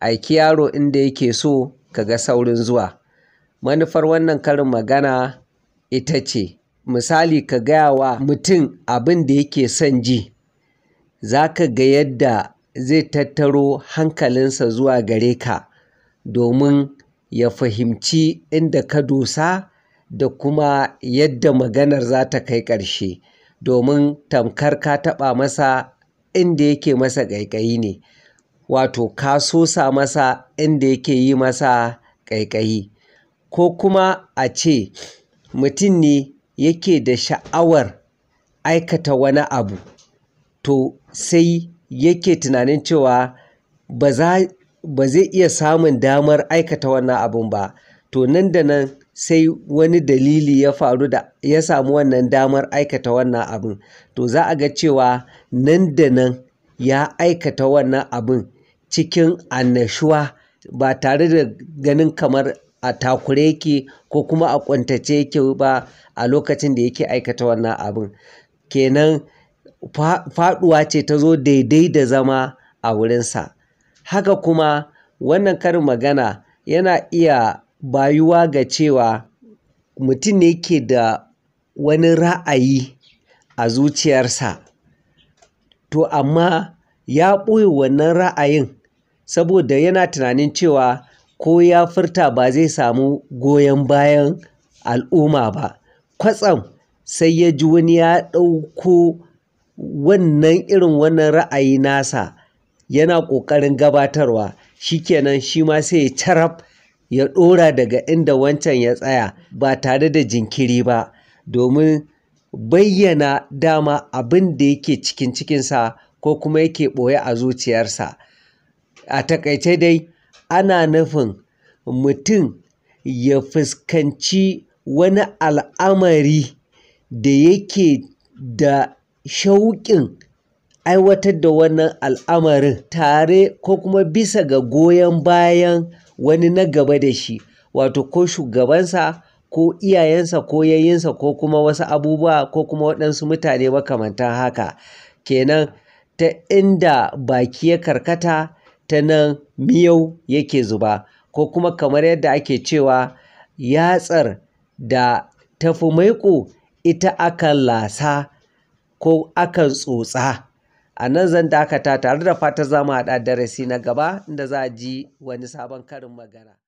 aiki yaro inda yake so ka ga saurin zuwa manufar wannan karin magana ita ce misali ka gaya wa mutum abin da yake son ji za ka ga yadda zai tattaro hankalinsa zuwa gare ka domin ya fahimci inda ka dosa da kuma yadda maganar za ta kai ƙarshe domin tamkar ka taɓa masa inda yake masa ƙaiƙayi ne wato ka sosa masa inda yake yi masa ƙaiƙayi ko kuma a ce mutum ne yake da sha'awar aikata wani abu to sai yake tunanin cewa ba zai iya samun damar aikata wannan abun ba to nan da nan sai wani dalili ya faru da ya samu wannan damar aikata wannan abin to za a ga cewa nan da nan ya aikata wannan abin cikin annashuwa ba tare da ganin kamar a takure yake ko kuma a ƙuntace yake ba a lokacin da yake aikata wannan abin. Kenan faɗuwa ce ta zo daidai da zama a wurinsa. Haka kuma wannan karin magana yana iya bayuwa ga cewa mutum ne ke da wani ra'ayi a zuciyarsa to amma ya ɓoye wannan ra'ayin saboda yana tunanin cewa ko ya furta ba zai samu goyon bayan al'umma ba. Kwatsam sai ya ji wani ya ɗauko wannan irin wannan ra'ayi nasa yana ƙoƙarin gabatarwa. Shi kenan shi ma sai ya carab ya ɗora daga inda wancan ya tsaya ba tare da jinkiri ba domin bayyana dama abin da yake cikin cikinsa ko kuma yake ɓoye a zuciyarsa. a takaice dai ana nufin mutum ya fuskanci wani al'amari da yake da shauƙin aiwatar da wannan al'amarin tare ko kuma bisa ga goyon bayan wani na gaba da shi wato ko shugabansa ko iyayensa ko yayyinsa ko kuma wasu abubuwa ko kuma waɗansu mutane makamantan haka kenan ta inda baki ya karkata ta nan miyau yake zuba ko kuma kamar yadda ake cewa yatsar da tafi maiƙo ita akan lasa ko akan tsotsa a nan zan dakata tare da fata za mu haɗa darasi na gaba inda za a ji wani sabon karin magana